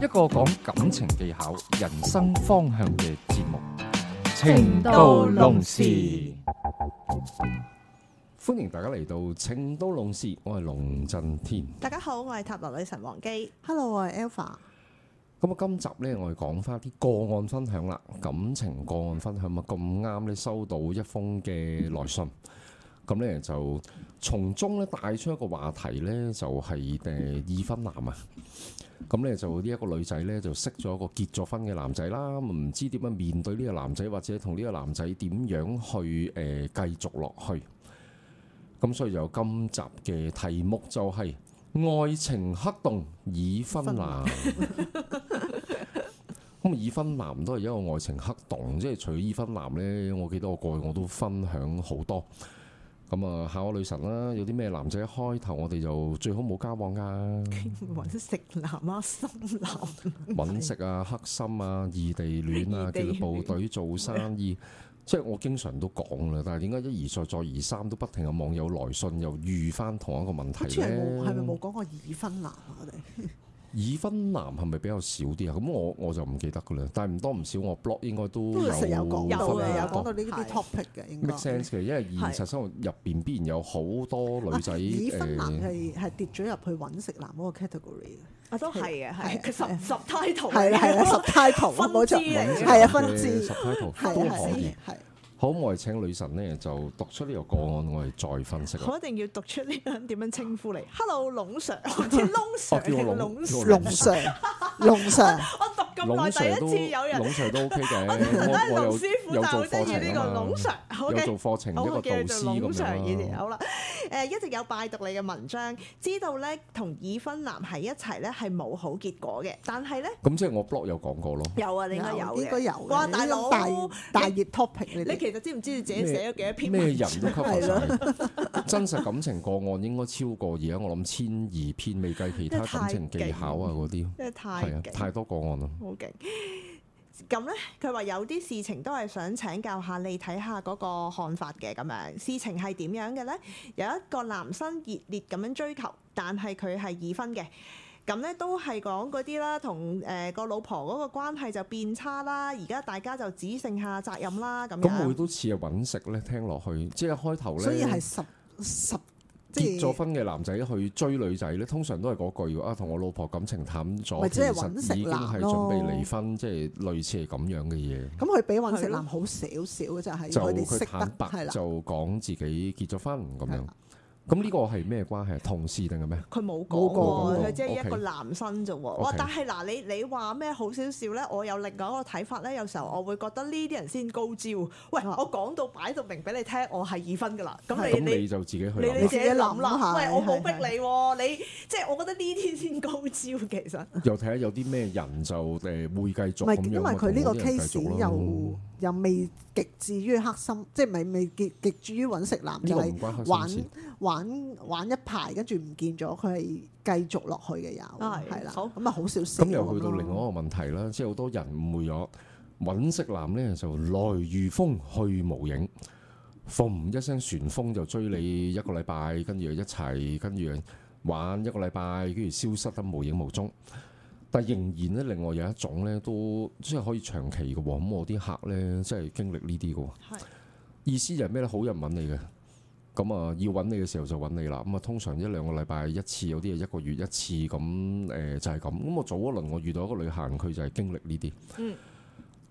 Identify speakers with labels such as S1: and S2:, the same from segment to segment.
S1: 一個講感情技巧、人生方向嘅節目《情都龍事》，歡迎大家嚟到《情都龍事》，我係龍震天。大家
S2: 好，我係塔羅女神王姬。Hello，我係 Alpha。
S1: 咁啊，今集呢，我哋講返啲個案分享啦，感情個案分享啊，咁啱咧收到一封嘅來信，咁呢，就從中咧帶出一個話題呢，就係誒已婚男啊。咁咧就呢一個女仔呢，就識咗個結咗婚嘅男仔啦，唔知點樣面對呢個男仔，或者同呢個男仔點樣去誒繼續落去。咁所以就有今集嘅題目就係、是、愛情黑洞已婚男。咁已 婚男都係一個愛情黑洞，即係除咗已婚男呢，我記得我過去我都分享好多。咁啊，考女神啦，有啲咩男仔一開頭，我哋就最好冇交往噶、啊。
S2: 揾食男啊，心男、
S1: 啊，食啊，黑心啊，異地戀啊，戀叫做部隊做生意，是啊、即係我經常都講啦。但係點解一而再，再而三都不停有網友來信又遇翻同一個問題咧？係咪冇
S2: 講過已婚男啊？我哋。
S1: 已婚男係咪比較少啲啊？咁我我就唔記得㗎啦。但係唔多唔少，我 blog 應該都有講到嘅。有講到呢
S2: 啲 topic 嘅。make sense
S1: 嘅，因為現實生活入邊必然有好多女仔。已婚男係
S2: 係跌咗入去揾食男嗰個 category 嘅。啊，都係啊，係其實十胎頭。係啦係啦，十胎頭冇錯，係啊，分治。十胎頭都可以。
S1: 好，我係請女神咧，就讀出呢個個案，我係再分析。我
S2: 一定要讀出呢樣點樣稱呼你？Hello，龍 Sir，我知龍
S1: Sir 係龍 Sir，龍、 哦、Sir。龍 Sir, 龍 Sir 攬場都攬場都 O K 嘅，我覺得陸師傅就好中意呢個攬場，好嘅，好有做課程呢個導師咁樣啦。好啦，誒
S2: 一直有拜讀你嘅文章，知道咧同已婚男喺一齊咧係冇好結果嘅，但係咧
S1: 咁即係我 blog 有講過咯，有啊，你應該有，
S2: 應該有。哇，大佬大熱 topic，你其實知唔知你自己寫咗幾多篇？咩人都吸埋
S1: 真實感情個案應該超過而家我諗千二篇，未計其他感情技巧啊嗰啲，係啊，太多個案啦。
S2: 好勁！咁咧、嗯，佢話有啲事情都係想請教下你睇下嗰個看法嘅咁樣。事情係點樣嘅咧？有一個男生熱烈咁樣追求，但係佢係已婚嘅。咁、嗯、咧都係講嗰啲啦，同誒，個老婆嗰個關係就變差啦。而家大家就只剩下責任啦。咁樣咁，每
S1: 都似係揾食咧。聽落去即係開頭咧，所以係十
S2: 十。十結咗婚
S1: 嘅男仔去追女仔呢，通常都係嗰句啊，同我老婆感情淡咗，其實已經係準備離婚，即係、嗯、類似係咁樣嘅嘢。咁
S2: 佢比混食男好少少，的就係佢坦白，就
S1: 講自己結咗婚咁的樣。咁呢個係咩關係？同事定係咩？佢
S2: 冇講過，佢即係一個男生啫喎。哇！但係嗱，你你話咩好少少咧？我有另外一個睇法咧。有時候我會覺得呢啲人先高招。喂，我講到擺到明俾你聽，我係已婚㗎啦。咁你你
S1: 就自己去，你自己諗啦。唔係我唔好逼你，
S2: 你即係我覺得呢啲先高招。其實
S1: 又睇下有啲咩人就誒會繼續咁樣因為佢呢個 case 又。
S2: 又未極至於黑心，即係未未極極至於揾食男，就係玩，唔關佢事，玩玩玩一排，跟住唔見咗，佢係繼續落去嘅又，係
S1: 啦。咁啊，了好少事咁又去到另外一個問題啦，即係好多人誤會咗揾食男呢就來如風去無影，嘣一聲旋風就追你一個禮拜，跟住一齊，跟住玩一個禮拜，跟住消失得無影無蹤。但仍然咧，另外有一種咧，都即係可以長期嘅喎。咁我啲客咧，即係經歷呢啲嘅。係是意思就係咩咧？好人品你嘅揾。咁啊，要揾你嘅時候就揾你啦。咁啊，通常一兩個禮拜一次，有啲嘢一個月一次咁。誒，就係咁。咁我早一輪我遇到一個女行，佢就係經歷呢啲。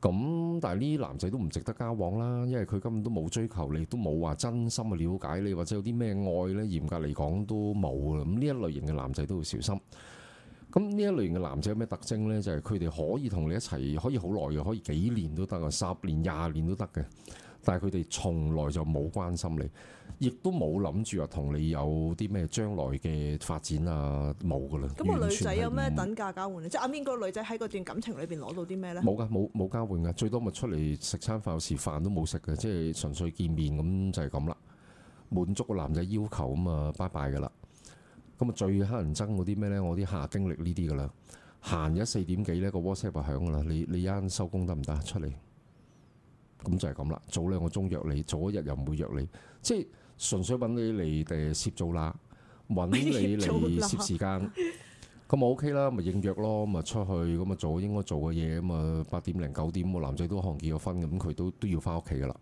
S1: 咁、嗯、但係呢啲男仔都唔值得交往啦，因為佢根本都冇追求你，都冇話真心去了解你，或者有啲咩愛呢？嚴格嚟講都冇啦。咁呢一類型嘅男仔都要小心。咁呢一類型嘅男仔有咩特徵呢？就係佢哋可以同你一齊，可以好耐嘅，可以幾年都得啊，十年、廿年都得嘅。但係佢哋從來就冇關心你，亦都冇諗住話同你有啲咩將來嘅發展啊，冇噶啦。咁個女仔有咩等
S2: 價交換？即係啱邊個女仔喺嗰段感情裏邊攞到啲咩呢？冇
S1: 噶，冇冇交換噶，最多咪出嚟食餐飯，有時飯都冇食嘅，即係純粹見面咁就係咁啦，滿足個男仔要求啊嘛，拜拜噶啦。咁啊，最黑人憎嗰啲咩呢？我啲下經歷呢啲噶啦，行咗四點幾呢，個 WhatsApp 啊響噶啦，你你一陣收工得唔得？出嚟，咁就係咁啦。早兩個鐘約你，早一日又唔會約你，即係純粹揾你嚟誒攝組啦，揾你嚟攝時間。咁我 OK 啦，咪應約咯，咁咪出去，咁啊做應該做嘅嘢，咁啊八點零九點，我男仔都可能結咗婚，咁佢都都要翻屋企噶啦。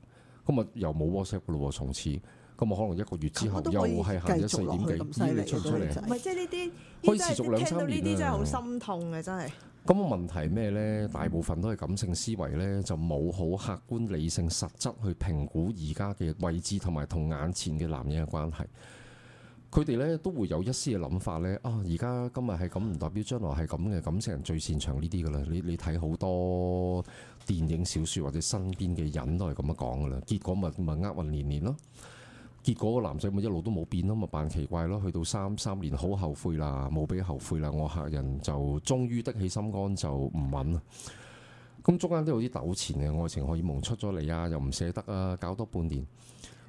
S1: 咁啊又冇 WhatsApp 噶啦，從此。咁我可能一個月之後又係行咗四點幾，你出唔出嚟？唔係即係呢啲，可以持續兩三年，真係聽到呢啲真
S2: 係好心痛啊！真係。
S1: 咁問題咩咧？大部分都係感性思維咧，就冇好客觀理性實質去評估而家嘅位置同埋同眼前嘅男人嘅關係。佢哋咧都會有一絲嘅諗法咧。啊，而家今日係咁，唔代表將來係咁嘅。感情人最擅長呢啲噶啦。你你睇好多電影、小説或者身邊嘅人都係咁樣講噶啦。結果咪咪厄運連連咯。結果個男仔咪一路都冇變咯，咪扮奇怪咯。去到三三年好後，後悔啦，冇俾後悔啦。我客人就終於得起心肝，就唔揾啦。咁中間都有啲糾纏嘅愛情可以蒙出咗嚟啊，又唔捨得啊，搞多半年。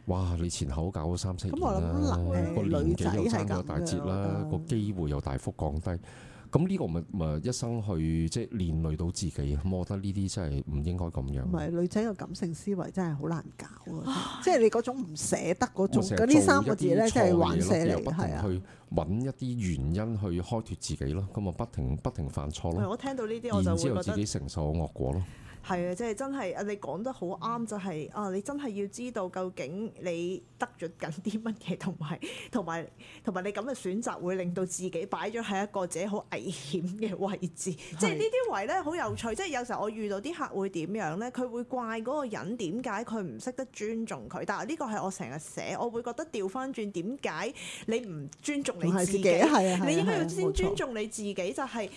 S1: 哇！你前後搞咗三四年啦，個年紀又差咗大截啦，個機會又大幅降低。咁呢個咪咪一生去即係連累到自己，咁我覺得呢啲真係唔應該咁樣。
S2: 唔係女仔嘅感性思維真係好難搞啊！唉即係你嗰種唔捨得嗰種，嗰啲三個字咧，即係玩蛇嚟嘅係啊！去
S1: 揾一啲原因去開脫自己咯，咁啊不停不停犯錯咯。我聽到呢啲我就會覺得然後自己承受惡果咯。
S2: 係啊，即係真係啊！你講得好啱，就係啊！你真係要知道究竟你得咗緊啲乜嘢，同埋同埋同埋你咁嘅選擇會令到自己擺咗喺一個自己好危險嘅位置。即係呢啲位咧，好有趣。即係有時候我遇到啲客會點樣咧？佢會怪嗰個人點解佢唔識得尊重佢。但係呢個係我成日寫，我會覺得掉返轉，點解你唔尊重你自己？係啊，你應該要先尊重你自己。就係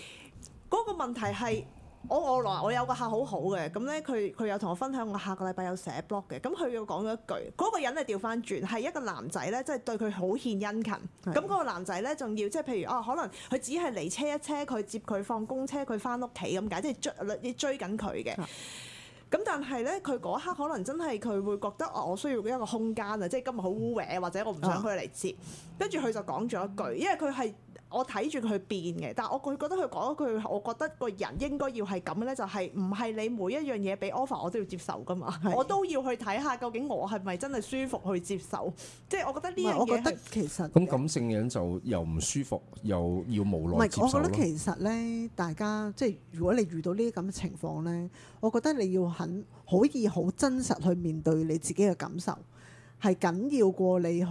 S2: 嗰個問題係。我我來，我有個客好好嘅，咁咧佢佢有同我分享，我下個禮拜有寫 blog 嘅，咁佢又講咗一句，嗰、嗰個人咧調翻轉，係一個男仔咧，即係對佢好獻殷勤，咁嗰的個男仔咧，仲要即係譬如哦、啊，可能佢只係嚟車一車佢接佢放公車佢翻屋企咁解，即係追追緊佢嘅，咁的但係咧，佢嗰刻可能真係佢會覺得、哦、我需要一個空間啊，即係今日好污穢或者我唔想佢嚟接，跟住佢就講咗一句，因為佢係。我睇住佢變嘅，但係我覺覺得佢講一句，我覺得個人應該要係咁嘅咧，就係唔係你每一樣嘢俾 offer，我都要接受噶嘛？是的 我都要去睇下究竟我係咪真係舒服去接受？即係我覺得呢樣嘢。我覺得
S1: 其實咁感性嘅人就又唔舒服，又要無奈接受我覺得其實
S2: 咧，大家即係如果你遇到呢啲咁嘅情況咧，我覺得你要肯可以好，好真實去面對你自己嘅感受。係緊要過你去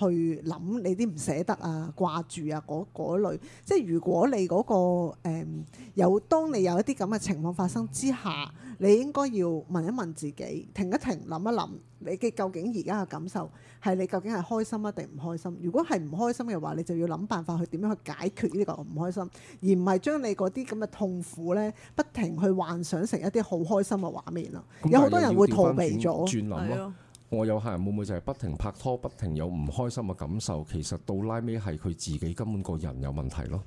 S2: 去諗你啲唔捨得啊、掛住啊嗰類，即係如果你嗰個誒有，當你有一啲咁嘅情況發生之下，你應該要問一問自己，停一停，諗一諗，你嘅究竟而家嘅感受係你究竟係開心啊定唔開心？如果係唔開心嘅話，你就要諗辦法去點樣去解決呢個唔開心，而唔係將你嗰啲咁嘅痛苦呢不停去幻想成一啲好開心嘅畫面咯。嗯、有好多人會逃避咗，嗯嗯嗯
S1: 我有客人會唔會就係不停拍拖，不停有唔開心嘅感受？其實到拉尾係佢自己根本個人有問題咯。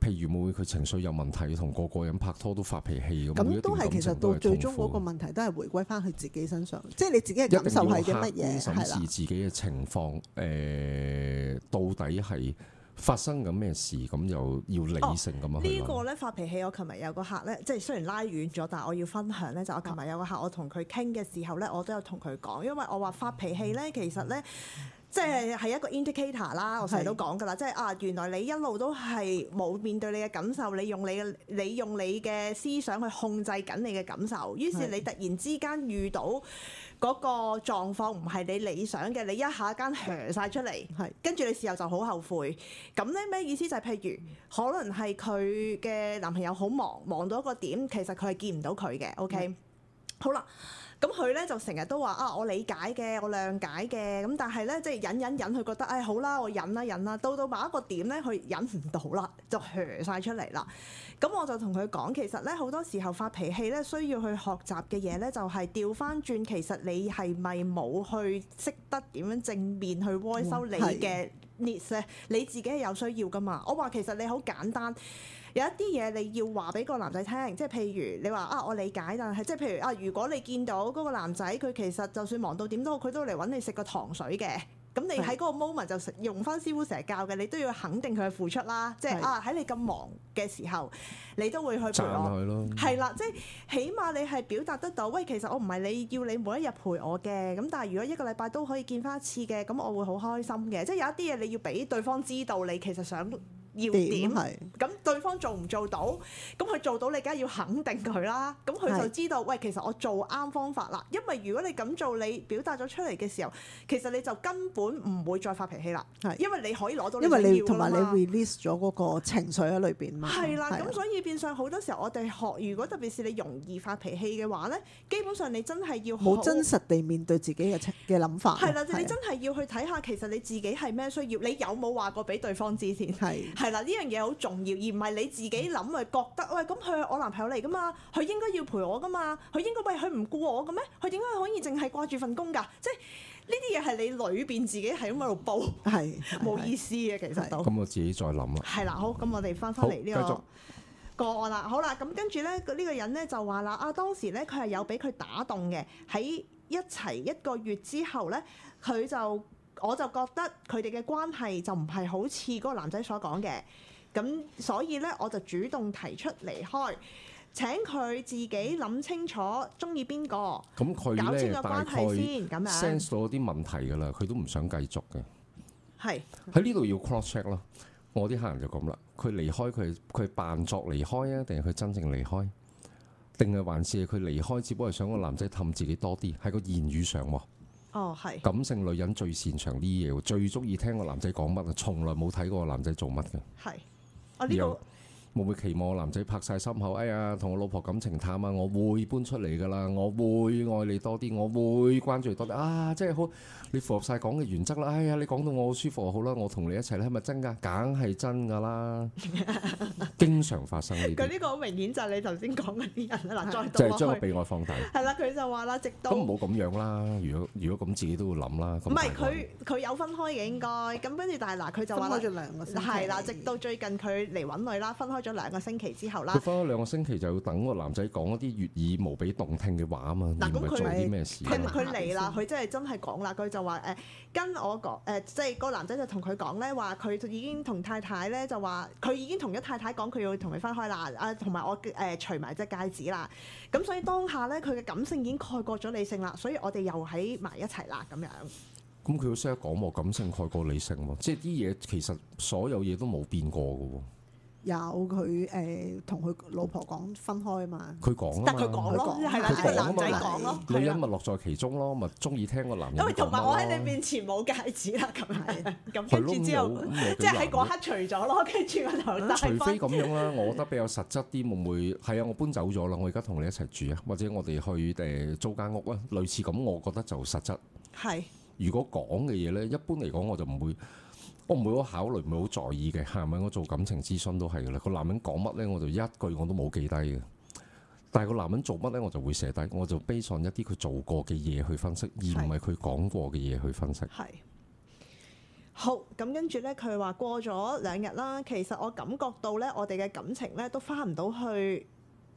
S1: 譬如會唔會佢情緒有問題，同個個人拍拖都發脾氣咁。這樣 都係其實到最終嗰個
S2: 問題都係回歸返佢自己身上，即係你自己嘅感受係啲乜嘢係啦。審視
S1: 自己嘅情況，誒的、呃，到底係。發生緊咩事咁又要理性咁樣？呢、哦呢個
S2: 咧發脾氣，我琴日有個客咧，即係雖然拉遠咗，但係我要分享咧，就係、我琴日有個客，我同佢傾嘅時候咧，我都有同佢講，因為我話發脾氣咧，其實咧，即係係一個 indicator 啦，我成日都講噶啦，即係啊，原來你一路都係冇面對你嘅感受，你用你嘅你用你嘅思想去控制緊你嘅感受，於是你突然之間遇到。嗰個狀況唔係你理想嘅，你一下間嗌晒出嚟，係跟住你事後就好後悔。咁咧咩意思、就係？就係譬如可能係佢嘅男朋友好忙，忙到一個點，其實佢係見唔到佢嘅。OK，的好啦。咁佢咧就成日都話啊，我理解嘅，我諒解嘅，咁但係咧即係忍忍忍，佢覺得誒、哎、好啦，我忍啦、啊、忍啦、啊，到到某一個點咧，佢忍唔到啦，就洶晒出嚟啦。咁我就同佢講，其實咧好多時候發脾氣咧，需要去學習嘅嘢咧，就係調返轉，其實你係咪冇去識得點樣正面去回收你嘅 needs 你自己係有需要噶嘛？我話其實你好簡單。有一啲嘢你要話俾個男仔聽，即係譬如你話啊，我理解，但係即係譬如啊，如果你見到嗰個男仔，佢其實就算忙到點都好，佢都嚟揾你食個糖水嘅，咁你喺嗰個 moment 就用翻師傅成日教嘅，你都要肯定佢嘅付出啦。即係啊，喺你咁忙嘅時候，你都會去陪我。係啦，即係起碼你係表達得到。喂，其實我唔係你要你每一日陪我嘅，咁但係如果一個禮拜都可以見翻一次嘅，咁我會好開心嘅。即係有一啲嘢你要俾對方知道，你其實想。要點？係。咁對方做唔做到？咁佢做到，你梗係要肯定佢啦。咁佢就知道，是的 喂，其實我做啱方法啦。因為如果你咁做，你表達咗出嚟嘅時候，其實你就根本唔會再發脾氣啦。是的 因為你可以攞到你需要啊。因為你同埋你 release 咗嗰個情緒喺裏邊嘛。係啦，咁所以變相好多時候，我哋學，如果特別是你容易發脾氣嘅話咧，基本上你真係要好真實地面對自己嘅嘅諗法。係啦，你真係要去睇下，其實你自己係咩需要，你有冇話過俾對，對方知先。係。係啦，呢樣嘢好重要，而唔係你自己諗咪覺得，喂咁佢係我男朋友嚟㗎嘛，佢應該要陪我㗎嘛，佢應該喂佢唔顧我嘅咩？佢點解可以淨係掛住份工㗎？即係呢啲嘢係你裏邊自己係咁喺度煲，係冇、嗯、意思嘅其實都。咁、
S1: 嗯、的我自己再諗啦。係
S2: 啦，好，咁我哋翻返嚟呢個個案啦，好，好啦，咁跟住咧，呢、呢個人咧就話啦，啊當時咧佢係有俾佢打動嘅，喺一齊一個月之後咧，佢就。我就覺得佢哋嘅關係就唔係好似嗰個男仔所講嘅，咁所以呢，我就主動提出離開，請佢自己諗清楚中意邊個，咁佢搞清楚個關係先，咁佢咧大概 sense
S1: 到啲問題㗎啦，佢樣都唔想繼續嘅。
S2: 係喺呢度
S1: 要 cross check 咯，我啲客人就咁啦，佢離開佢，佢扮作離開啊，定係佢真正離開？定係還是佢離開，只不過係想個男仔氹自己多啲，喺個言語上喎。哦，係。感性女人最擅長呢啲嘢，最中意聽個男仔講乜啊，從來冇睇過個男仔做乜嘅。
S2: 係，呢、啊、度。
S1: 後會唔會期望男仔拍晒心口？哎呀，同我老婆感情淡啊！我會搬出嚟噶啦，我會愛你多啲，我會關注你多啲啊！即係好，你符合晒講嘅原則啦。哎呀，你講到我好舒服好啦，我同你一齊啦，係咪真噶？梗係真噶啦，經常發生呢啲。佢呢
S2: 個好明顯就係你頭先講嗰啲人啦，再讀落係將個被愛放大。係啦，佢就話啦，直到唔好
S1: 咁樣啦。如果如果咁，自己都會諗啦。唔係，佢
S2: 佢有分開嘅應該咁跟住，但係嗱，佢就話分開咗兩個星期係啦，直到最近佢嚟揾女啦，分開咗兩個星期之後啦，佢分
S1: 開兩個星期就要等個男仔講一啲悅耳無比動聽嘅話啊嘛，咁佢做啲咩事？啊？佢
S2: 嚟啦，佢真係真係講啦。佢就話誒、呃，跟我講誒，即、呃、係、就是，個男仔就同佢講咧，話佢已經同太太咧就話，佢已經同咗太太講，佢要同你分開啦。啊，同埋我誒、呃、除埋隻戒指啦。咁所以當下咧，佢嘅感性已經蓋過咗理性啦。所以我哋又喺埋一齊啦，咁樣。
S1: 咁佢好識得講我感性蓋過理性喎，即係啲嘢其實所有嘢都冇變過噶喎。
S2: 有佢誒同佢老婆講分開啊嘛，
S1: 佢講啊佢講咯，係啦，即係男仔講咯，的女人咪樂在其中咯，咪中意聽個男人同埋我喺你面
S2: 前冇戒指啦，咁係的，咁先之後，即係喺嗰刻除咗咯，跟住個頭戴。除非咁樣啦，
S1: 我覺得比較實質啲，會唔會係啊？我搬走咗啦，我而家同你一齊住啊，或者我哋去誒租間屋啊，類似咁，我覺得就實質。係的。的如果講嘅嘢咧，一般嚟講我就唔會。我唔會好考慮，唔會好在意嘅。係咪我做感情諮詢都係嘅啦？個男人講乜呢，我就一句我都冇記低嘅。但係個男人做乜呢，我就會寫低。我就 base on 一啲佢做過嘅嘢去分析，而唔係佢講過嘅嘢去分析。係
S2: 好，咁跟住呢，佢話過咗兩日啦。其實我感覺到呢，我哋嘅感情呢都翻唔到去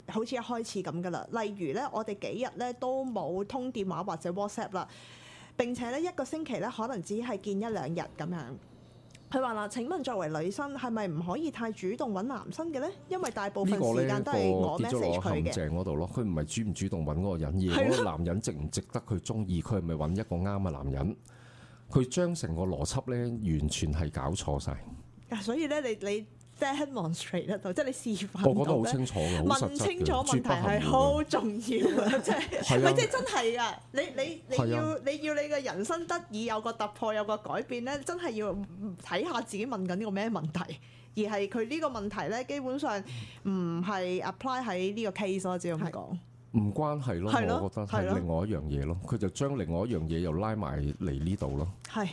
S2: 好似一開始咁噶啦。例如呢，我哋幾日呢都冇通電話或者 WhatsApp 啦。並且呢一個星期呢可能只係見一兩日咁樣。佢話啦：請問作為女生，係咪唔可以太主動揾男生嘅呢？因為大部分時間都係我 message 佢嘅。呢個呢，變咗我陷阱嗰
S1: 度咯。佢唔係主唔主動揾嗰個人，而係個男人值唔值得佢中意。佢係咪揾一個啱嘅男人？佢將成個邏輯呢，完全係搞錯晒。
S2: 所以呢，你你。Rate, 即係 demonstrate 喺度，即係你示範。我覺得好清楚嘅，好實質嘅，問清楚問題係好重要， 即係唔係即係真係啊！你你你要、啊、你要你要你嘅人生得以有個突破，有個改變咧，真係要睇下自己問緊呢個咩問題，而係佢呢個問題咧，基本上唔係 apply 喺呢個 case 咯，只咁講。
S1: 唔的關係咯，的我覺得係另外一樣嘢咯。佢就將另外一樣嘢又拉埋嚟呢度咯。
S2: 係的。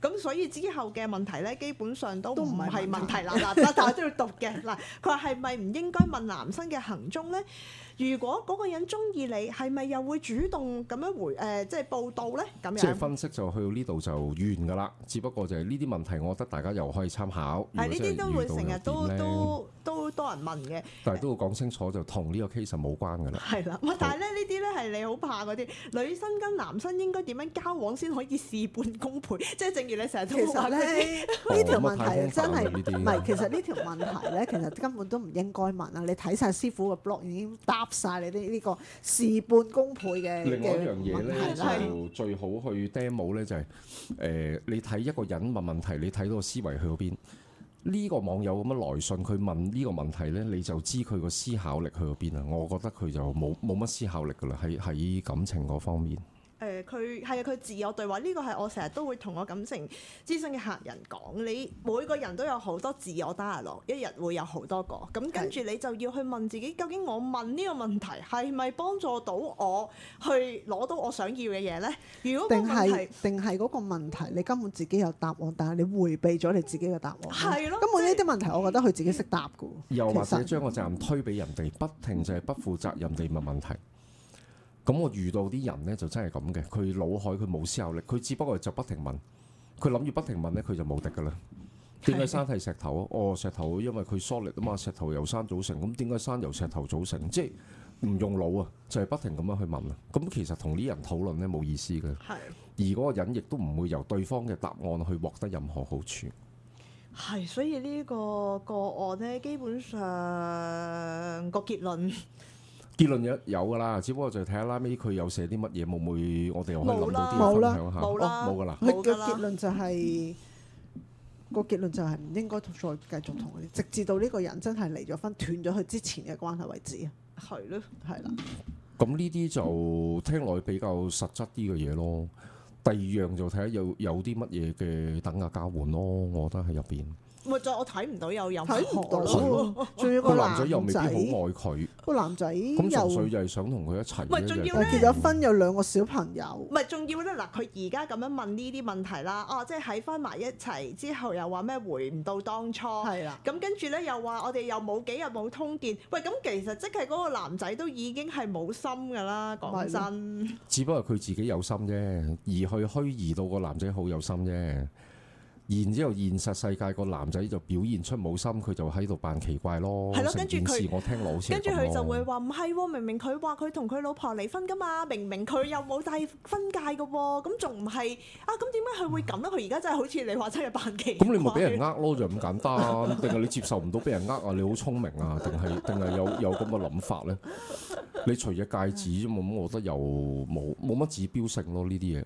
S2: 咁所以之後嘅問題咧，基本上都唔係問題啦。嗱， 但係都要讀嘅。嗱，佢話係咪唔應該問男生嘅行蹤咧？如果嗰個人中意你，係咪又會主動咁樣回誒，即係報道咧？咁樣即係分
S1: 析就去到呢度就完㗎啦。只不過就係呢啲問題，我覺得大家又可以參考。係呢啲都會成日
S2: 都都都多人問嘅。
S1: 但係都要講清楚，就同呢個 case 冇關㗎啦。係
S2: 啦，但係咧，呢啲咧，係你好怕嗰啲女生跟男生應該點樣交往先可以事半功倍？即係正如你成日都話嗰，呢條問題真係唔係？其實呢條問題咧，其實根本都唔應該問啊！你睇晒師傅嘅 blog 已經答晒你啲呢個事半功倍嘅。另外一樣嘢咧，就
S1: 最好去 demo 咧就係、是、誒、呃、你睇一個人問問題，你睇到個思維去到邊。呢、這個網友咁樣來信佢問呢個問題咧，你就知佢個思考力去到邊啦！我覺得佢就冇冇乜思考力噶啦，喺喺感情嗰方面。
S2: 佢係啊！佢自我對話呢個係我成日都會同我感情諮詢嘅客人講，你每個人都有好多自我打落，一日會有好多個。咁跟住你就要去問自己，究竟我問呢個問題係咪幫助到我去攞到我想要嘅嘢呢？如果定係定係嗰個問題，問題你根本自己有答案，但係你回避咗你自己嘅答案。係咯的，根本呢啲問題，我覺得佢自己識答嘅。又或者將
S1: 個責任推俾人哋，不停就係不負責任地問問題。咁我遇到啲人呢，就真係咁嘅。佢腦海佢冇思考力，佢只不過就不停問，佢諗住不停問呢，佢就冇敵噶啦。點解山係石頭啊？的哦，石頭，因為佢疏力啊嘛。石頭由山組成，咁點解山由石頭組成？即係唔用腦啊，就係、係、不停咁樣去問啦。咁其實同呢人討論呢，冇意思嘅。係的。而嗰個人亦都唔會由對方嘅答案去獲得任何好處。
S2: 係，所以呢、呢個個案呢，基本上個結論。
S1: 結論有有，噶啦，只不過就睇下拉尾佢有寫啲乜嘢，會唔會我哋可以諗到啲嘢分享下冇噶啦，佢嘅
S2: 結論就係個結論就係唔應該再繼續同佢，直至到呢個人真係離咗婚，斷咗佢之前嘅關係為止啊！係咯的，係啦
S1: 的。咁呢啲就聽落去比較實質啲嘅嘢咯。第二樣就睇下有有啲乜嘢嘅等價交換咯。我覺得喺入邊。
S2: 唔再我睇唔到又，又有睇唔到。仲要個男仔。個男仔又未必好愛佢。個男仔咁純粹就係
S1: 想同佢一齊。唔係，仲要咧？結
S2: 咗婚有兩個小朋友。唔係，仲要咧？嗱，佢而家咁樣問呢啲問題啦。哦、啊，即係喺翻埋一齊之後，又話咩回唔到當初。係啦的。咁跟住咧，又話我哋又冇幾日冇通電。喂，咁其實即係嗰個男仔都已經係冇心㗎啦。講真。
S1: 只不過佢自己有心啫，而去虛擬到個男仔好有心啫。然之後，現實世界個男仔就表現出冇心，佢就喺度扮奇怪咯。係咯，跟住佢，跟住佢就會
S2: 話唔係喎，明明佢話佢同佢老婆離婚噶嘛，明明佢又冇戴婚戒噶喎，咁仲唔係啊？咁點解佢會咁咧？佢而家真係好似你話真係扮奇怪。咁、
S1: 嗯、你咪俾人呃咯，就咁簡單。定係你接受唔到俾人呃啊？ 你好聰明啊？定係定係有有咁嘅諗法咧？你除咗戒指啫，我覺得又冇冇乜指標性咯呢啲嘢。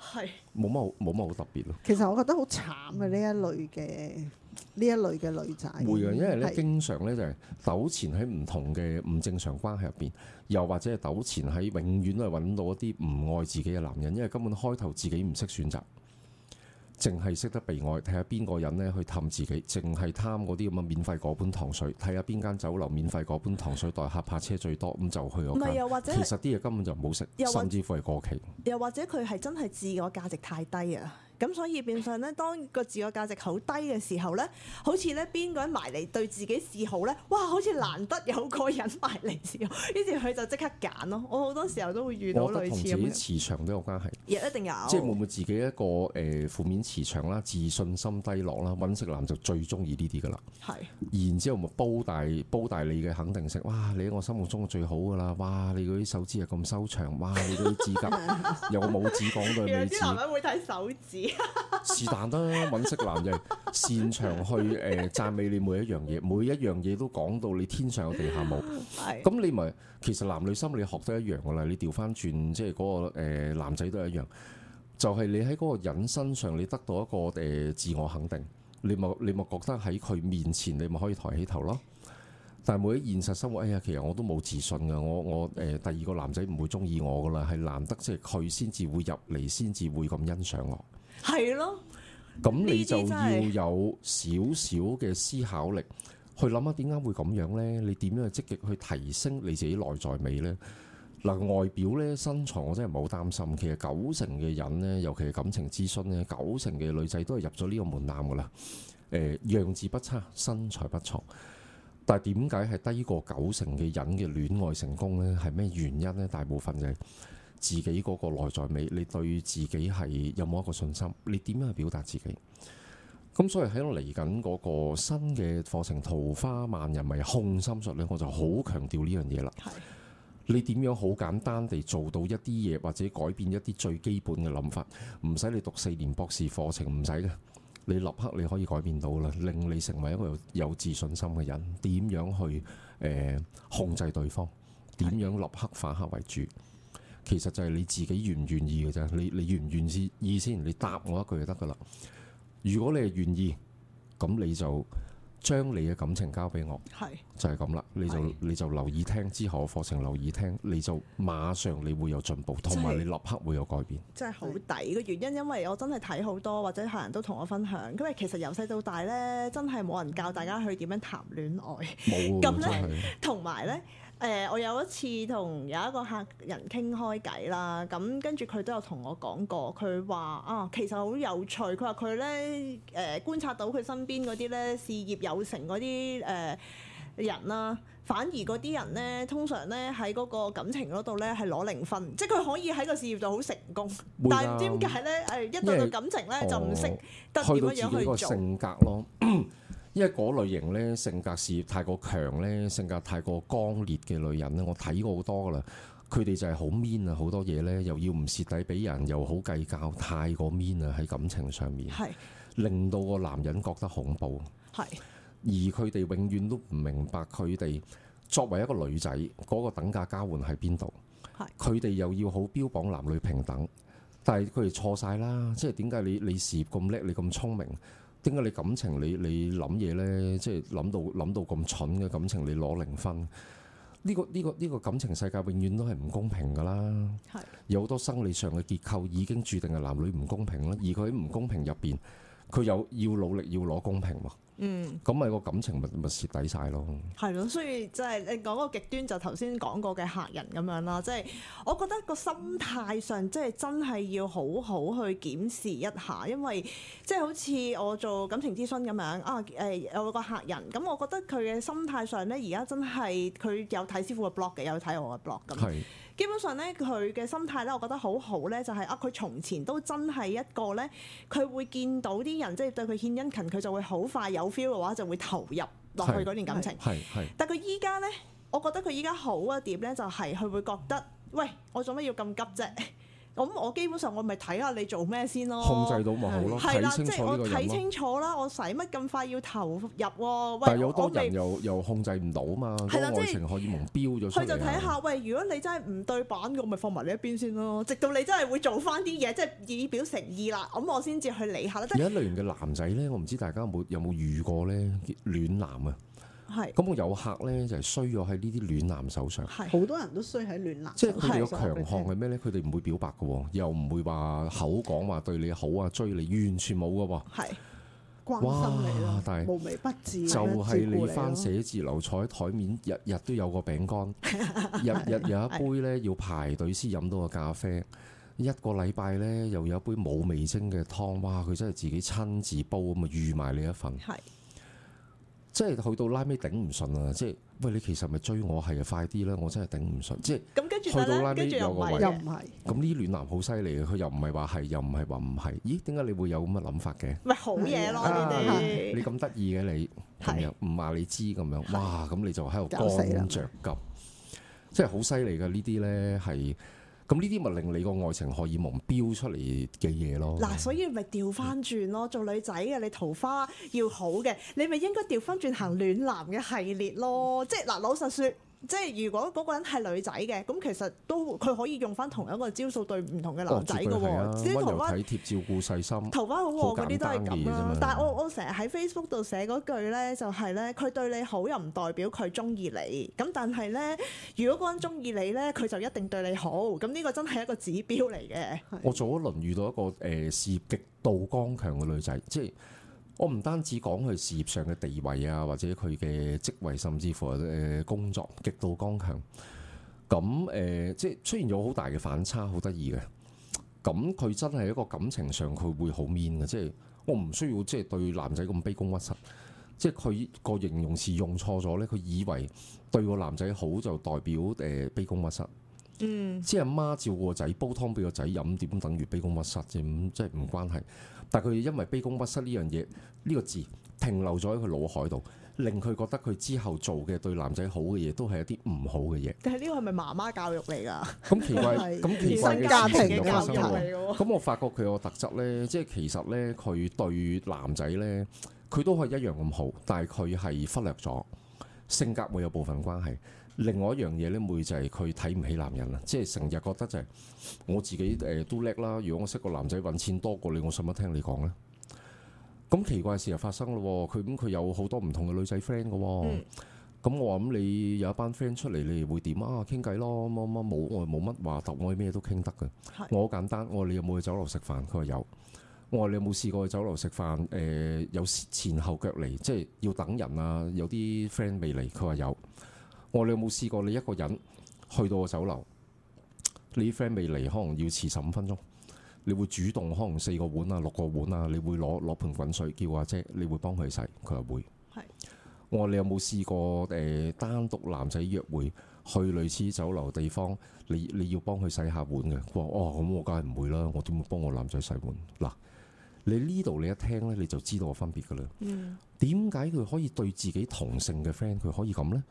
S1: 係冇乜冇乜好特別咯。
S2: 其實我覺得好慘嘅呢慘 一類嘅呢一類嘅女仔。會嘅，因為咧經
S1: 常咧就係糾纏喺唔同嘅唔正常關係入邊，又或者係糾纏喺永遠都係揾到一啲唔愛自己嘅男人，因為根本開頭自己唔識選擇。淨係識得被愛，睇下邊個人咧去氹自己，淨係貪嗰啲咁嘅免費嗰盤糖水，睇下邊間酒樓免費嗰盤糖水，代客泊車最多，咁就去嗰間。唔係又或者，其實啲嘢根本就冇食，甚至乎係過期。
S2: 又或者佢係真係自我價值太低啊！咁所以變相咧，當個自我價值好低嘅時候咧，好似咧邊個埋嚟對自己示好咧？哇！好似難得有個人埋嚟示好，於是佢就即刻揀咯。我好多時候都會遇到類似，我覺得同自己磁
S1: 場都有關係。一定有。即係會唔會自己一個誒、呃、負面磁場啦、自信心低落啦、揾食男就最中意呢啲㗎啦。是然之後咪煲大煲大你嘅肯定性，哇！你喺我心目中最好㗎啦，哇！你嗰啲手指又咁修長，哇！你嗰啲指甲
S2: 有個拇指講到係女字。有啲 男人會睇手指。是但
S1: 啦，揾色男就擅長去誒讚美你每一樣嘢，每一樣嘢都講到你天上有地下冇。咁你咪其實男女心理學都一樣噶啦，你調翻轉即係嗰個誒男仔都一樣，就係、是、你喺嗰個人身上你得到一個誒自我肯定，你咪你咪覺得喺佢面前你咪可以抬起頭咯。但係每喺現實生活，哎呀，其實我都冇自信噶，我我誒第二個男仔唔會中意我噶啦，係難得即係佢先至會入嚟，先至會咁欣賞我。係咯，咁你就要有少少嘅思考力去諗下點解會咁樣呢？你點樣去積極去提升你自己內在美呢？嗱、呃，外表呢，身材我真係唔好擔心，其實九成嘅人呢，尤其係感情諮詢呢，九成嘅女仔都係入咗呢個門檻噶啦。誒、呃、樣子不差，身材不錯，但係點解係低過九成嘅人嘅戀愛成功呢？係咩原因呢？大部分嘅、就係。自己嗰個內在美，你對自己係有冇一個信心？你點樣去表達自己？咁所以喺我嚟緊嗰個新嘅課程《桃花萬人迷控心術》呢，我就好強調呢樣嘢啦。你點樣好簡單地做到一啲嘢，或者改變一啲最基本嘅諗法，唔使你讀四年博士課程，唔使嘅，你立刻你可以改變到啦，令你成為一個有自信心嘅人。點樣去誒、呃、控制對方？點樣立刻反客為主？其實就係你自己願唔願意嘅啫，你你願唔願意意先？你答我一句就得㗎喇。如果你係願意，咁你就將你嘅感情交俾我，係是就係咁啦。你就是你就留意聽之後嘅課程，留意聽，你就馬上你會有進步，同埋、就是、你立刻會有改變。
S2: 真係好抵嘅原因，因為我真係睇好多，或者客人都同我分享，因為其實由細到大呢，真係冇人教大家去點樣談戀愛，冇咁咧，同埋呢。的誒，我有一次同有一個客人傾開偈啦，咁跟住佢都有同我講過，佢話啊，其實好有趣，佢話佢咧誒觀察到佢身邊嗰啲咧事業有成嗰啲誒人啦，反而嗰啲人咧通常咧喺嗰個感情嗰度咧係攞零分，即係佢可以喺個事業度好成功，啊、但係唔知點解咧誒一到到感情咧就唔識得點樣去做、啊、去性
S1: 格咯。因為嗰類型咧性格事業太過強咧，性格太過剛烈嘅女人咧，我睇過好多啦。佢哋就係好 mean 啊，好多嘢咧又要唔蝕底俾人，又好計較，太過 mean 啊喺感情上面，是令到個男人覺得恐怖。係是，而佢哋永遠都唔明白佢哋作為一個女仔嗰個等價交換喺邊度。係是，佢哋又要好標榜男女平等，但係佢哋錯晒啦。即係點解你你事業咁叻，你咁聰明？點解你感情你你諗嘢呢，即係諗到諗到咁蠢嘅感情，你攞零分？呢個呢個呢個感情世界永遠都係唔公平㗎啦，有好多生理上嘅結構已經注定係男女唔公平啦，而佢喺唔公平入邊，佢有要努力要攞公平嗯，咁咪個感情咪咪蝕底晒咯。
S2: 係咯，所以即係你講個極端就頭先講過嘅客人咁樣啦，即係我覺得個心態上即係真係要好好去檢視一下，因為即係好似我做感情諮詢咁樣啊誒、呃，有個客人咁，我覺得佢嘅心態上咧而家真係佢有睇師傅嘅 blog 嘅，有睇我嘅 blog 咁。基本上咧，佢嘅心態咧、就是就是，我覺得好好咧，就係啊，佢從前都真係一個咧，佢會見到啲人即係對佢獻殷勤，佢就會好快有 feel 嘅話，就會投入落去嗰段感情。係係。但佢依家咧，我覺得佢依家好一點咧，就係佢會覺得，喂，我做乜要咁急啫？咁我基本上我咪睇下你做咩先咯，控制到咪好咯，睇清楚呢個嘢咯。係啦，即係我睇清楚啦，我使乜咁快要投入喎？但係我哋
S1: 又又控制唔到啊嘛，啲的愛情荷爾蒙飆咗上去。佢就睇下，
S2: 喂，如果你真係唔對板嘅，我咪放埋你一邊先咯。直到你真係會做翻啲嘢，即係以表誠意啦，咁我先至去理下。即有一
S1: 類型嘅男仔咧，我唔知大家有冇有冇遇過咧，暖男啊！係，咁我有客呢，就係衰咗喺呢啲暖男手上。好多人
S2: 都衰喺暖男。即係佢哋嘅強項係
S1: 咩呢？佢哋唔會表白嘅喎，又唔會話口講話對你好啊，追你完全冇嘅喎。係
S2: 關心你咯，但係無微不至，就係你翻寫
S1: 字樓坐喺台面，日日都有個餅乾，日日有一杯呢，要排隊先飲到個咖啡，一個禮拜呢，又有一杯冇味精嘅湯。哇！佢真係自己親自煲咁啊，預埋你一份。即係去到拉尾頂唔順啊！即係喂，你其實咪追我係啊！快啲啦！我真係頂唔順，即係、嗯、去到拉尾有個又唔係。咁呢啲暖男好犀利嘅，佢又唔係話係，又唔係話唔係。咦？點解你會有咁嘅諗法嘅？
S2: 咪好嘢咯！你哋你
S1: 咁得意嘅你，係唔話你知咁樣？哇！咁你就喺度乾著急，即係好犀利嘅呢啲咧係。咁呢啲咪令你個愛情荷爾蒙飆出嚟嘅嘢咯？嗱，
S2: 所以咪調翻轉咯，嗯、做女仔嘅你桃花要好嘅，你咪應該調翻轉行暖男嘅系列咯，嗯、即係嗱，老實說。即係如果嗰個人係女仔嘅，咁其實都佢可以用翻同一個招數對唔同嘅男仔嘅喎。啲、哦啊、桃花體
S1: 貼照顧細心，桃花好嗰啲都係咁啦。但係
S2: 我我成日喺 Facebook 度寫嗰句呢、就是，就係呢：「佢對你好又唔代表佢中意你。咁但係呢，如果嗰個人中意你呢，佢就一定對你好。咁呢個真係一個指標嚟嘅。
S1: 我早一輪遇到一個事、呃、事業極度剛強嘅女仔，即係。我唔單止講佢事業上嘅地位啊，或者佢嘅職位，甚至乎誒工作極度剛強。咁誒、呃，即係雖然有好大嘅反差，好得意嘅。咁佢真係一個感情上佢會好面 e 嘅，即係我唔需要即係對男仔咁卑躬屈膝。即係佢個形容詞用錯咗呢，佢以為對個男仔好就代表誒、呃、卑躬屈膝。嗯，即係媽照顧個仔煲湯俾個仔飲，點等於卑躬屈膝啫？即係唔關係。但佢因為卑躬屈膝呢樣嘢、呢個字停留咗喺佢腦海度，令佢覺得佢之後做嘅對男仔好嘅嘢都係一啲唔好嘅嘢。
S2: 但係呢個係咪媽媽教育嚟㗎？咁奇怪，咁其 是怪家庭嘅問題。
S1: 咁我發覺佢個特質呢，即係其實呢，佢對男仔呢，佢都係一樣咁好，但係佢係忽略咗性格會有部分關係。另外一樣嘢咧，妹就係佢睇唔起男人啦，即係成日覺得就係、是、我自己誒都叻啦。如果我識個男仔搵錢多過你，我想乜聽你講咧？咁奇怪事又發生咯喎！佢咁佢有好多唔同嘅女仔 friend 嘅喎。咁、嗯、我話咁你有一班 friend 出嚟，你會點啊？傾偈咯，乜乜冇我冇乜話搭我咩都傾得嘅。我好是簡單，我話你有冇去酒樓食飯？佢話有。我話你有冇試過去酒樓食飯？誒、呃、有前後腳嚟，即係要等人啊！有啲 friend 未嚟，佢話有。我你有冇試過？你一個人去到個酒樓，你啲 friend 未嚟，可能要遲十五分鐘，你會主動可能四個碗啊、六個碗啊，你會攞攞盆滾水叫阿姐，你會幫佢洗。佢就會。是我話你有冇試過？誒、呃，單獨男仔約會去類似酒樓地方，你你要幫佢洗下碗嘅。佢話哦，咁我梗係唔會啦，我點會幫我男仔洗碗？嗱，你呢度你一聽呢，你就知道我分別噶啦。嗯，點解佢可以對自己同性嘅 friend 佢可以咁呢？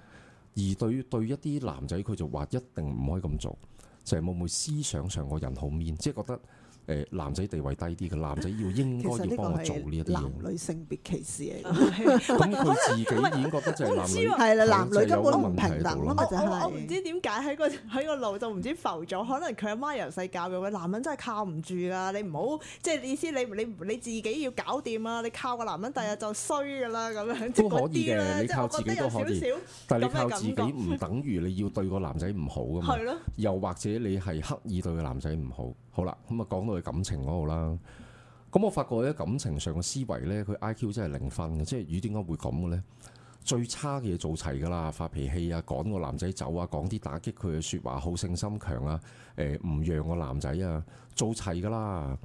S1: 而對於對一啲男仔，佢就話一定唔可以咁做，就係會唔會思想上個人好面，即係覺得。誒男仔地位低啲，嘅男仔要應該要幫我做呢一啲嘢。男
S2: 女性別歧
S1: 視嚟，咁佢自己已經覺得就係男女根本唔平等咯。咪
S2: 我唔知點解喺個喺個路就唔知浮咗。可能佢阿媽由細教育嘅男人真係靠唔住啦。你唔好即係意思，你你你自己要搞掂啊！你靠個男人，第日就衰噶啦咁樣。都可以嘅，你靠自己都可以。但係你靠自己唔
S1: 等於你要對個男仔唔好啊嘛。又或者你係刻意對個男仔唔好。好啦，咁啊講到佢感情嗰度啦，咁、嗯、我發覺喺感情上嘅思維呢，佢 I Q 真係零分嘅，即係與點解會咁嘅呢？最差嘅嘢做齊噶啦，發脾氣啊，趕個男仔走啊，講啲打擊佢嘅說話，好勝心強啊，誒、呃、唔讓個男仔啊，做齊噶啦，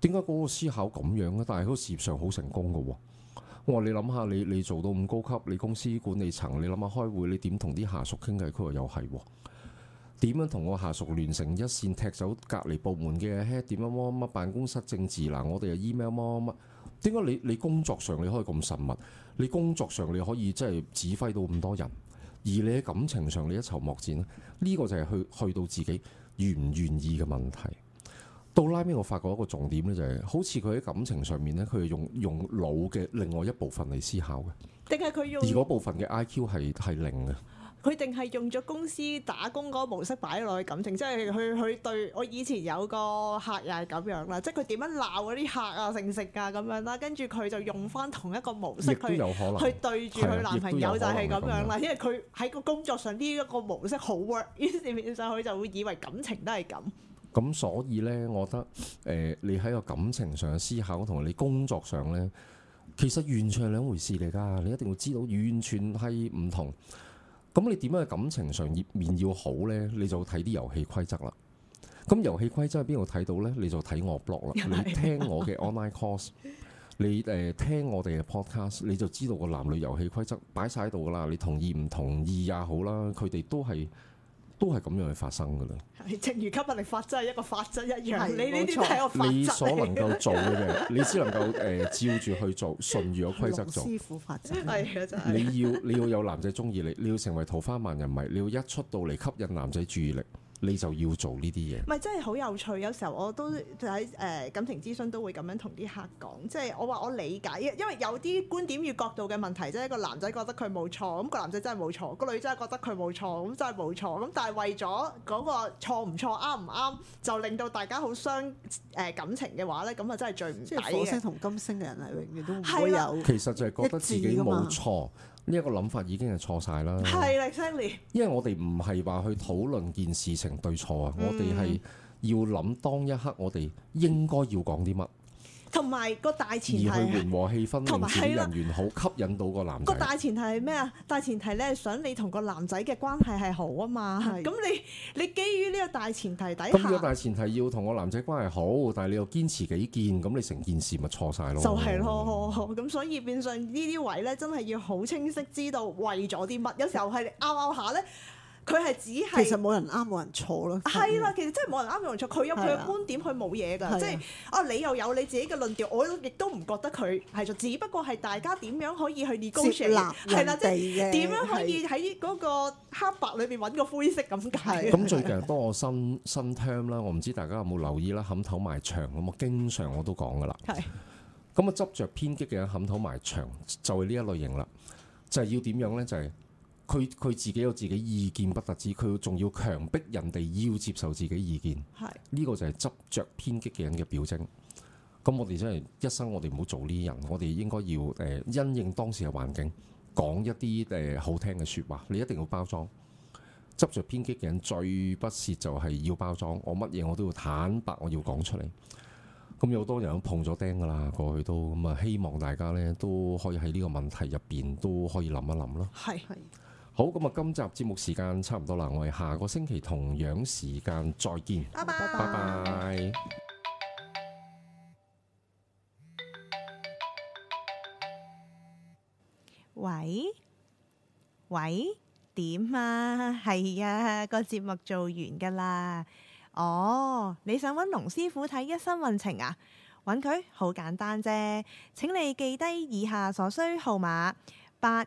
S1: 點解嗰個思考咁樣呢？但係佢個事業上好成功噶喎，我話你諗下，你，你做到咁高級，你公司管理層，你諗下開會，你點同啲下屬傾偈？佢話又係。點樣同我下屬聯成一線，踢走隔離部門嘅 h e 點樣乜乜辦公室政治嗱？我哋嘅 email 乜乜乜？點解你你工作上你可以咁神密？你工作上你可以即係指揮到咁多人，而你喺感情上你一籌莫展咧？呢、這個就係去去到自己願唔願意嘅問題。到拉尾，我發覺一個重點呢、就是，就係好似佢喺感情上面呢，佢係用用腦嘅另外一部分嚟思考嘅，
S2: 定係佢用而嗰
S1: 部分嘅 IQ 係係零嘅。
S2: 佢定係用咗公司打工嗰個模式擺落去感情，即係佢佢對我以前有個客又係咁樣啦，即係佢點樣鬧嗰啲客啊、成食啊咁樣啦，跟住佢就用翻同一個模式去去對住佢男朋友就係咁樣啦，樣因為佢喺個工作上呢一個模式好 work，於是面上佢就會以為感情都係咁。
S1: 咁所以呢，我覺得誒、呃，你喺個感情上嘅思考同你工作上呢，其實完全係兩回事嚟㗎，你一定要知道，完全係唔同。咁你點樣喺感情上頁面要好呢？你就睇啲遊戲規則啦。咁遊戲規則喺邊度睇到呢？你就睇我 blog 啦。 你聽我嘅 online course，你誒、呃、聽我哋嘅 podcast，你就知道個男女遊戲規則擺晒喺度噶啦。你同意唔同意也好啦，佢哋都係。都係咁樣去發生嘅啦。
S2: 正如吸引力法則係一個法則一樣，是你呢啲你所能夠
S1: 做嘅， 你只能夠誒、呃、照住去做，順住個規則做。
S2: 則 你
S1: 要你要有男仔鍾意你，你要成為桃花萬人迷，你要一出到嚟吸引男仔注意力。你就要做呢啲嘢。唔係
S2: 真係好有趣，有時候我都就喺誒感情諮詢都會咁樣同啲客講，即係我話我理解，因為有啲觀點與角度嘅問題，即係一個男仔覺得佢冇錯，咁個男仔真係冇錯，個女仔覺得佢冇錯，咁真係冇錯，咁但係為咗嗰個錯唔錯啱唔啱，就令到大家好傷誒感情嘅話咧，咁啊真係最唔抵嘅。火星同金星嘅人係永遠都會有，其
S1: 實就係覺得自己冇錯。呢一個諗法已經係錯晒啦，係
S2: 喇，Sally 的。
S1: 因為我哋唔係話去討論件事情對錯啊，嗯、我哋係要諗當一刻我哋應該要講啲乜。
S2: 同埋個大前提和
S1: 氣氛人緣好吸引到個男仔，同埋、啊、
S2: 係啦，啊、個大前提係咩啊？大前提咧，想你同個男仔嘅關係係好啊嘛，係咁你你基於呢個大前提底下，咁大
S1: 前提要同個男仔關係好，但係你又堅持己見，咁你成件事咪錯晒咯？就係咯，
S2: 咁所以變相呢啲位咧，真係要好清晰知道為咗啲乜，有時候係拗拗下咧。佢係只係其實冇人啱，冇人錯咯。係啦，其實真係冇人啱，冇人錯。佢有佢嘅觀點，佢冇嘢㗎。即係啊，你又有你自己嘅論調，我亦都唔覺得佢係錯。只不過係大家點樣可以去 negotiate？係啦，即係點樣可以喺嗰個黑白裏邊揾個灰色咁解？咁最近幫
S1: 我新新聽啦，我唔知大家有冇留意啦，冚頭埋牆咁啊，經常我都講㗎啦。咁啊，執着偏激嘅人冚頭埋牆就係呢一類型啦，就係要點樣咧？就係。佢佢自己有自己意見不特止，佢仲要強迫人哋要接受自己意見。係呢是個就係執着偏激嘅人嘅表徵。咁我哋真係一生，我哋唔好做呢啲人。我哋應該要誒、呃、因應當時嘅環境，講一啲誒、呃、好聽嘅説話。你一定要包裝。執着偏激嘅人最不屑就係要包裝。我乜嘢我都要坦白，我要講出嚟。咁有好多人都碰咗釘噶啦，過去都咁啊！希望大家呢都可以喺呢個問題入邊都可以諗一諗咯。係是。好，咁啊，今集節目時間差唔多啦，我哋下個星期同樣時間再見。拜拜拜拜。
S2: 喂喂，點啊？係呀，個節目做完噶啦。哦，你想揾龍師傅睇一生運程啊？揾佢？好簡單啫，請你記低以下所需號碼八。